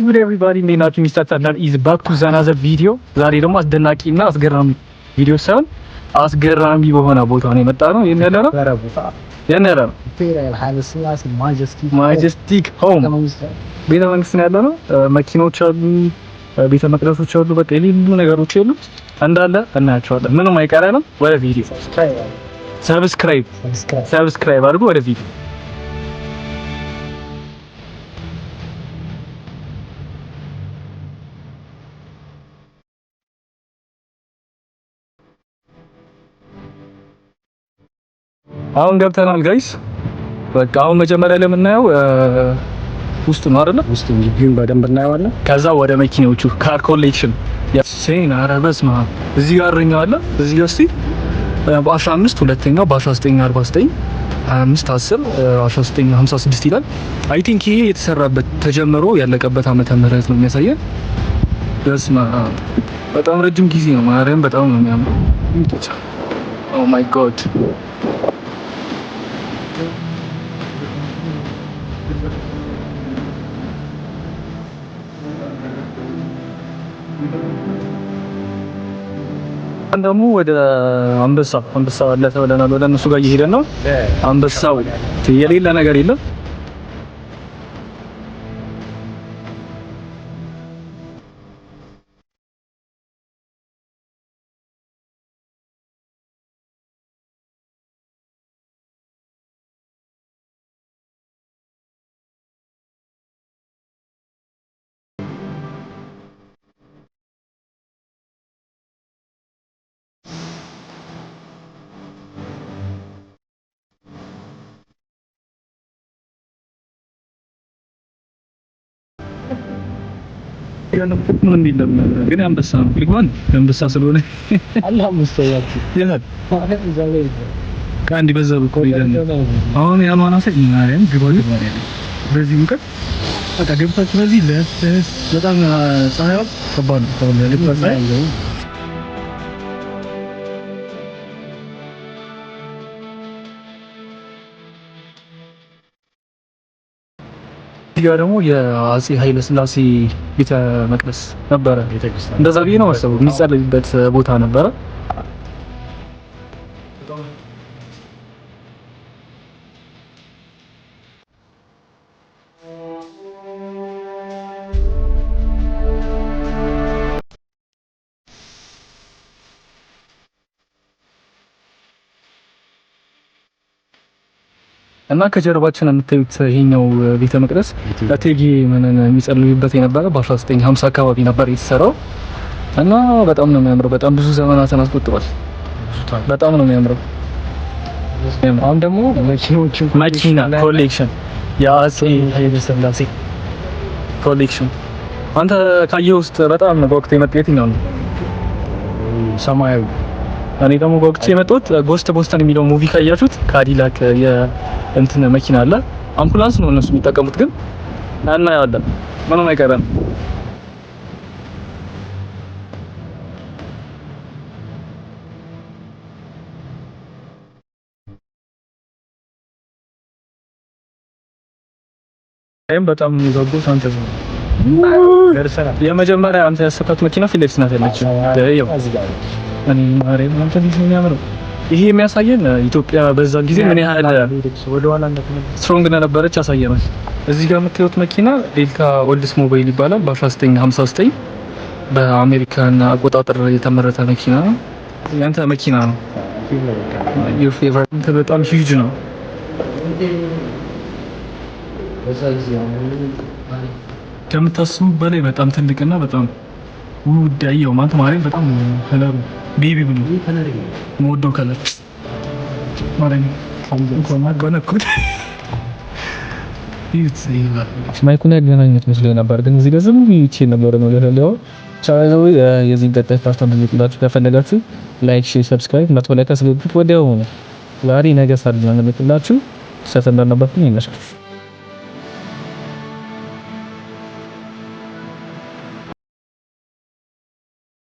ጉድ ኤቭሪባዲ እንዴት ናችሁ? ሚስተር ታንዳር ኢዝ ባክ ቱ ዘናዘር ቪዲዮ። ዛሬ ደግሞ አስደናቂ እና አስገራሚ ቪዲዮ ሳይሆን አስገራሚ በሆነ ቦታ ነው የመጣ ነው። የት ነው ነው ማጀስቲክ ሆም ቤተ መንግስት ነው ያለነው። መኪኖች አሉ፣ ቤተ መቅደሶች አሉ፣ በቃ የሌሉ ነገሮች የሉት እንዳለ እናያቸዋለን። ምንም አይቀረንም። ወደ ቪዲዮ ሰብስክራይብ ሰብስክራይብ አድርጉ። ወደ ቪዲዮ አሁን ገብተናል ጋይስ። በቃ አሁን መጀመሪያ ለምናየው ውስጥ ነው አይደለ? ውስጥ ነው ግን በደንብ እናየዋለን። ከዛ ወደ መኪናዎቹ ካር ኮሌክሽን ያሴን አረበስ ማ እዚህ ጋር አለ እዚህ ጋር እስኪ በ15 ሁለተኛ በ1949 25 10 ይላል። አይ ቲንክ ይሄ የተሰራበት ተጀምሮ ያለቀበት ዓመተ ምህረት ነው የሚያሳየን። በስመ አብ በጣም ረጅም ጊዜ ነው። ማርያም በጣም ነው ኦ ማይ Thank ደግሞ ወደ አንበሳ አንበሳ ወደ እነሱ ጋር እየሄደን ነው። አንበሳው የሌለ ነገር የለም። የሆነኩት ምንም የለም ግን አንበሳ ነው። ልግባን አንበሳ ስለሆነ ከአንድ በዛ በኩል ይደን አሁን ያልሆነ ሰው ማርያም ግባ ግባ ያለ በዚህ ሙቀት በቃ ገብታችሁ በዚህ ለበጣም ፀሐይ ከባድ ነው። እዚያ ደግሞ የአጼ ኃይለ ስላሴ ቤተ መቅደስ ነበረ። እንደዛ ብዬ ነው መሰለኝ የሚጸልይበት ቦታ ነበረ። እና ከጀርባችን የምታዩት ይሄኛው ቤተ መቅደስ እቴጌ መነን የሚጸልዩበት የነበረ በ1950 አካባቢ ነበር የተሰራው እና በጣም ነው የሚያምረው። በጣም ብዙ ዘመናትን አስቆጥሯል። በጣም ነው የሚያምረው። አሁን ደግሞ መኪኖችን መኪና ኮሌክሽን የአፄ ኃይለ ኮሌክሽን አንተ ካየህ ውስጥ በጣም ነው በወቅቱ የመጣ የትኛው ነው? ሰማያዊ እኔ ደግሞ በወቅቱ የመጣሁት ጎስት ቦስተን የሚለው ሙቪ ካያችሁት ካዲላክ የእንትን መኪና አለ። አምቡላንስ ነው እነሱ የሚጠቀሙት፣ ግን እናየዋለን። ምንም አይቀረን። ይሄም በጣም የሚጓጉ ሳንተዝ ነው። የመጀመሪያ አንተ ያሰብካት መኪና ፊሌፕስ ናት ያለችው። እኔ ማርያም አንተ ልጅ ነው የሚያምረው። ይሄ የሚያሳየን ኢትዮጵያ በዛ ጊዜ ምን ያህል ወደ ኋላ ስትሮንግ እንደነበረች ያሳየናል። እዚህ ጋር የምታዩት መኪና ዴልታ ኦልድስ ሞባይል ይባላል። በ1959 በአሜሪካን አቆጣጠር የተመረተ መኪና ነው። ያንተ መኪና ነው። በጣም ሂውጅ ነው። ከምታስቡ በላይ በጣም ትልቅና በጣም ውድ ያየው ማለት ማርያም በጣም ቤቢ ብሎ መወደው ከለር ማይኩን ያገናኘት መስሎ ነበር፣ ግን እዚህ ጋር ዝም ብዬ ነበር ነው ለለው ቻናሉ የዚህ ቀጣይ ፓርት እንድትላችሁ ከፈለጋችሁ ላይክ፣ ሼር፣ ሰብስክራይብ ማጥበላታ ስለዚህ ወዲያው ነው ዛሬ ነገ ሳድና ለምትላችሁ ሰተንዳና ባፍኝ ይነሻችሁ